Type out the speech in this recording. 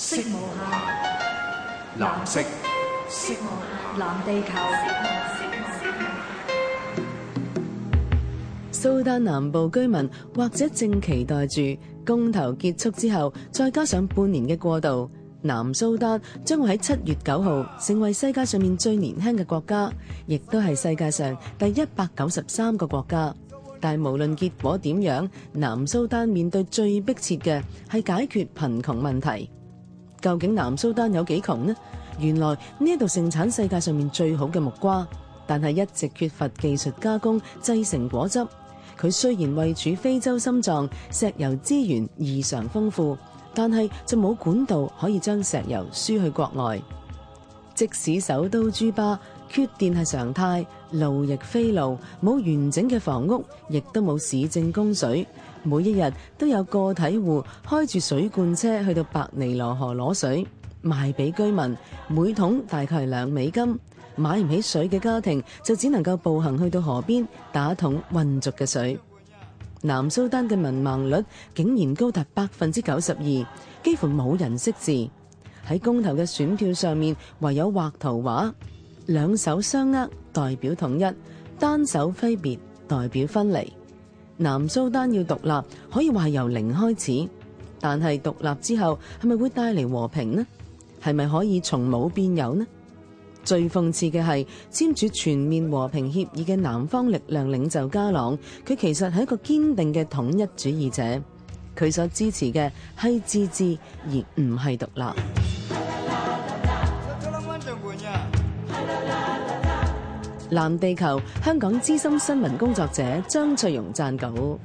色無限，藍色。色無限，藍地球。蘇丹南部居民或者正期待住公投結束之後，再加上半年嘅過渡，南蘇丹將會喺七月九號成為世界上面最年輕嘅國家，亦都係世界上第一百九十三個國家。但無論結果點樣，南蘇丹面對最迫切嘅係解決貧窮問題。究竟南蘇丹有幾窮呢？原來呢度盛產世界上面最好嘅木瓜，但係一直缺乏技術加工製成果汁。佢雖然位處非洲心臟，石油資源異常豐富，但係就冇管道可以將石油輸去國外。即使首都朱巴，缺電係常態，路亦非路，冇完整嘅房屋，亦都冇市政供水。每一日都有個體戶開住水罐車去到白尼羅河攞水賣俾居民，每桶大概係兩美金。買唔起水嘅家庭就只能夠步行去到河邊打桶混濁嘅水。南蘇丹嘅文盲率竟然高達百分之九十二，幾乎冇人識字。喺公投嘅選票上面，唯有畫圖畫。兩手相握代表統一，單手揮別代表分離。南蘇丹要獨立，可以話係由零開始，但係獨立之後係咪會帶嚟和平呢？係咪可以從冇變有呢？最諷刺嘅係簽署全面和平協議嘅南方力量領袖加朗，佢其實係一個堅定嘅統一主義者，佢所支持嘅係自治，而唔係獨立。藍地球，香港資深新聞工作者張翠蓉撰稿。